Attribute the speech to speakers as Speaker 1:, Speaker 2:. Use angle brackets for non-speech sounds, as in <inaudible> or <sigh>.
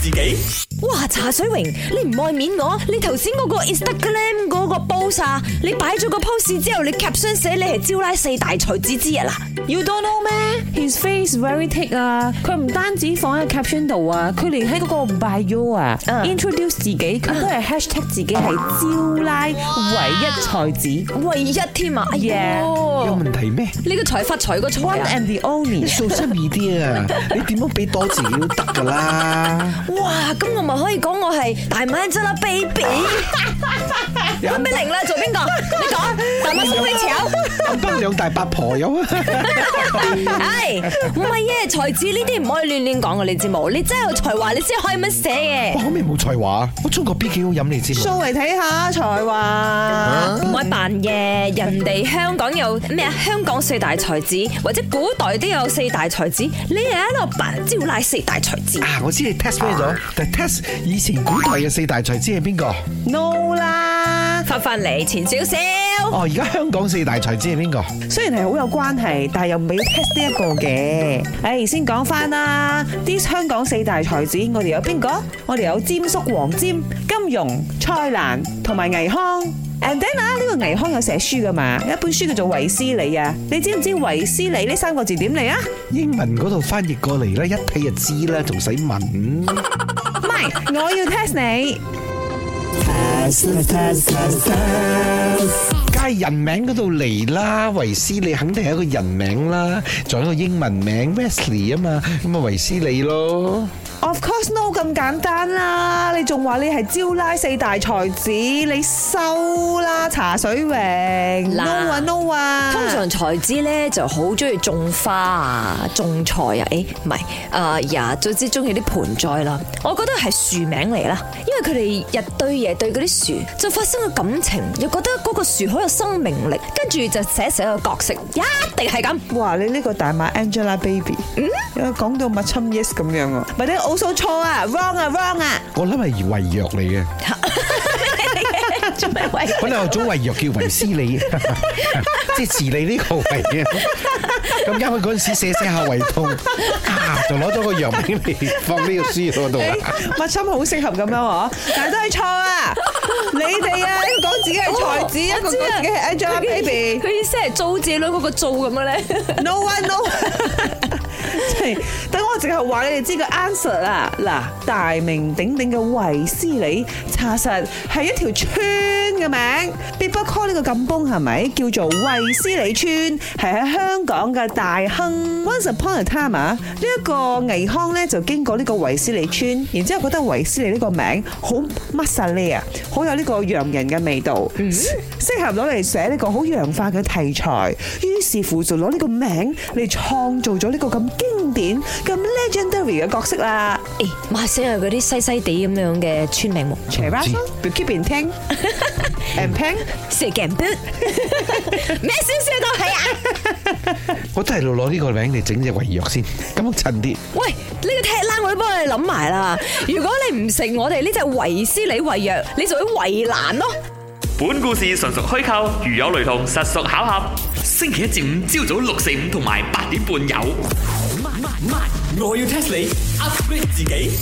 Speaker 1: 自己哇茶水榮你唔愛面我你頭先嗰個 Instagram 嗰個 pose 你擺咗個 pose 之後你 caption 寫你係招拉四大才子之一嗱 You don't know 咩 His face very thick 啊佢唔單止放喺 caption 度啊佢連喺嗰個 bio 啊、uh、introduce 自己佢都係 hashtag 自己係招拉唯一才子唯一添啊哎呀、yeah. 有問題咩你個才發財個 one and
Speaker 2: the only、啊、你數七二啲啊你點樣俾多字都得噶啦
Speaker 1: 啊、哇！咁我咪可以講我係大滿洲啦，baby，潘冰凌啦，做邊個？你講大滿洲
Speaker 2: 飛分兩大八婆有
Speaker 1: 啊？係唔係啊？才子呢啲唔可以亂亂講嘅，你知冇？你真係有才華，你先可以乜寫嘅。
Speaker 2: 我咩冇才華？我中國 B K 好飲你知冇？show
Speaker 1: 嚟睇下才華，唔可以扮嘢。啊、人哋香港有咩啊？香港四大才子，或者古代都有四大才子。你係喺度扮招拉四大才子
Speaker 2: 啊？我知你 test 咩咗？但係 test 以前古代嘅四大才子係邊個
Speaker 1: ？No 啦，發翻嚟前少少。哦，而、oh, 家香
Speaker 2: 港四大才。知係邊個？雖然係好有關係，但係又未 test 呢一個嘅。哎，先講翻啦，啲香港四大才子，我哋有邊個？我哋有霑叔、黃霑、金庸、蔡瀾同埋倪匡。And then 啊，呢個倪匡有寫書噶嘛？有一本書叫做衛斯理啊！你知唔知衛斯理呢三個字點嚟啊？英文嗰度翻譯過嚟咧，一睇就知啦，仲使問？唔係，我要 test 你。人名嗰度嚟啦，維斯利肯定係一個人名啦，仲有一個英文名 Wesley 啊嘛，咁啊維斯利咯。Of course no 咁簡單啦，你仲話你係招拉四大才子你，你收啦茶水榮 no no 啊。啊行啊行
Speaker 1: 啊行啊，通常才子咧就好中意種花種啊，種菜啊，誒唔係啊呀，最之中意啲盆栽啦。我覺得係樹名嚟啦，因為佢哋日對夜對嗰啲樹，就發生咗感情，又覺得。樹好有生命力，跟
Speaker 2: 住就寫寫個角色，一定係咁。哇！你呢個大馬 Angelababy，嗯，有講到 macam yes 咁樣啊，咪你 all 錯啊，wrong 啊，wrong 啊，我諗係遺弱你嘅。 <laughs> 本、 <laughs> <laughs> 啊、來我中胃藥叫維斯利，即係慈利呢個嚟嘅。咁啱佢嗰陣時寫寫下胃痛，仲攞咗個藥名嚟放呢個書嗰度 <laughs> <laughs> 啊。默笙好適合咁樣嗬，但係都係錯啊。你哋啊，一個講自己係才子，哦啊、一個講自己係 Angel、啊、Baby，
Speaker 1: 佢意思係做仔女個個做咁嘅咧。 <laughs> No one no。 <laughs>
Speaker 2: 話你哋知個 answer 啦，嗱，大名鼎鼎嘅維斯里，查實係一條村嘅名，必不可少呢個咁崩係咪？叫做維斯里村，係喺香港嘅大坑。Once upon a time 啊，呢一個倪匡咧就經過呢個維斯里村，然之後覺得維斯里呢個名好 musalia，好有呢個洋人嘅味道，適合攞嚟寫呢個好洋化嘅題材，於是乎就攞呢個名嚟創造咗呢個咁經典
Speaker 1: 咁叻。gender 嘅角色啦，誒，埋聲啊，嗰啲西西地咁樣嘅村民
Speaker 2: ，Cheer up，要 keep 住聽，and 聽，say again，咩消息都係啊，我真係要攞呢個名嚟整隻維藥先，咁樣襯啲。
Speaker 1: 喂，呢個題啦，我幫你諗埋啦，如果你唔食我哋呢隻維斯里維藥，你就會維難咯。本故事純屬虛構，如有雷同，實屬巧合。星期一至五朝早六四五同埋八點半有。我要 test 你 upgrade 自己。